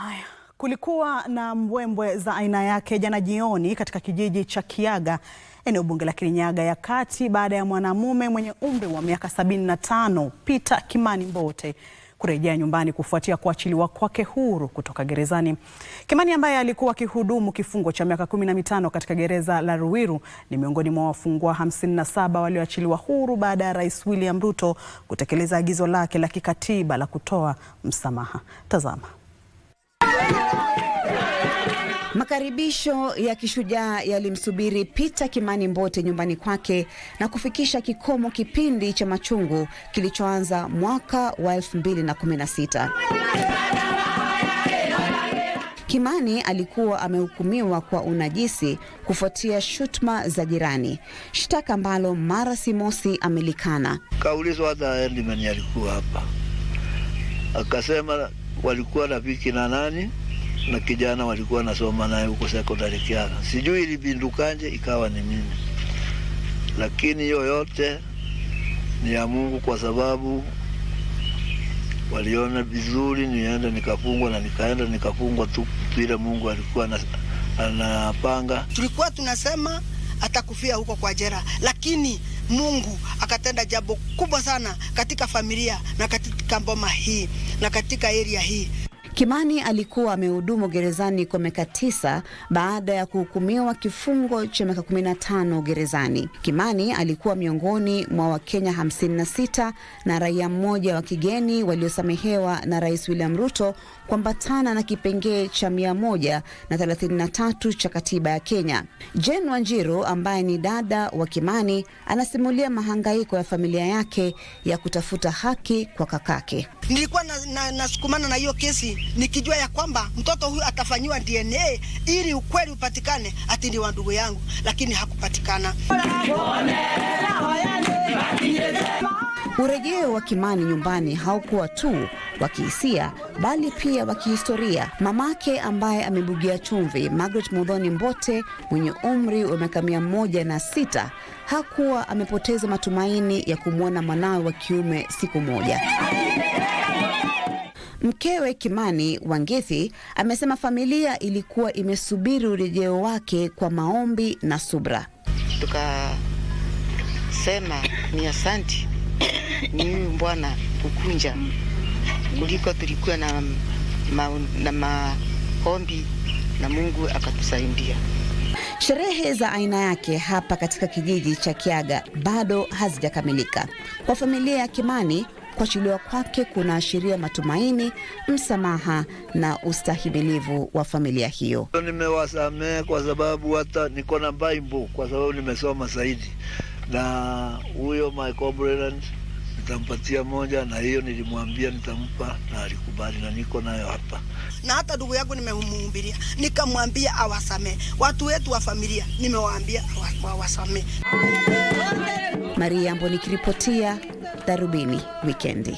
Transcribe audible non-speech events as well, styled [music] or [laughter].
Haya, kulikuwa na mbwembwe za aina yake jana jioni katika kijiji cha Kiaga, eneo bunge la Kirinyaga ya Kati, baada ya mwanamume mwenye umri wa miaka 75 Peter Kimani Mbote kurejea nyumbani kufuatia kuachiliwa kwake huru kutoka gerezani. Kimani ambaye alikuwa akihudumu kifungo cha miaka mitano katika gereza la Ruiru ni miongoni mwa wafungwa 57 walioachiliwa huru baada ya Rais William Ruto kutekeleza agizo lake la kikatiba la kutoa msamaha. Tazama. Makaribisho ya kishujaa yalimsubiri Peter Kimani Mbote nyumbani kwake na kufikisha kikomo kipindi cha machungu kilichoanza mwaka wa 2016. Kimani alikuwa amehukumiwa kwa unajisi kufuatia shutuma za jirani, shtaka ambalo mara si mosi amelikana. Kaulizwa hata alikuwa hapa, akasema walikuwa rafiki na nani na kijana walikuwa nasoma naye huko sekondari Kiara, sijui ilipindukaje ikawa ni mimi, lakini yoyote ni ya Mungu kwa sababu waliona vizuri niende nikafungwa, na nikaenda nikafungwa tu vile Mungu alikuwa anapanga. Tulikuwa tunasema atakufia huko kwa jera, lakini Mungu akatenda jambo kubwa sana katika familia na katika mboma hii na katika area hii. Kimani alikuwa amehudumu gerezani kwa miaka tisa baada ya kuhukumiwa kifungo cha miaka 15 gerezani. Kimani alikuwa miongoni mwa Wakenya 56 na raia mmoja wa kigeni waliosamehewa na Rais William Ruto kuambatana na kipengee cha 133 cha katiba ya Kenya. jen Wanjiru ambaye ni dada wa Kimani anasimulia mahangaiko ya familia yake ya kutafuta haki kwa kakake. Nilikuwa nasukumana na hiyo na, na kesi nikijua ya kwamba mtoto huyu atafanyiwa DNA ili ukweli upatikane ati ni wa ndugu yangu, lakini hakupatikana. Urejeo wa Kimani nyumbani haukuwa tu wa kihisia bali pia wa kihistoria. Mamake ambaye amebugia chumvi, Margaret Mudhoni Mbote, mwenye umri wa miaka mia moja na sita, hakuwa amepoteza matumaini ya kumwona mwanawe wa kiume siku moja. Mkewe Kimani Wangethi amesema familia ilikuwa imesubiri urejeo wake kwa maombi na subra. Tukasema ni asanti [coughs] ni huyu bwana kukunja kuliko tulikuwa na, ma, na maombi na Mungu akatusaidia. Sherehe za aina yake hapa katika kijiji cha Kiaga bado hazijakamilika kwa familia ya Kimani. Kuachiliwa kwake kunaashiria matumaini, msamaha na ustahimilivu wa familia hiyo. Nimewasamehe kwa sababu hata niko na Bible, kwa sababu nimesoma zaidi, na huyo my nitampatia moja, na hiyo nilimwambia nitampa na alikubali, na niko nayo hapa. Na hata ndugu yangu nimemuumbilia, nikamwambia awasamee watu wetu wa familia, nimewaambia awasamee. Maria nikiripotia Rubini, Wikendi.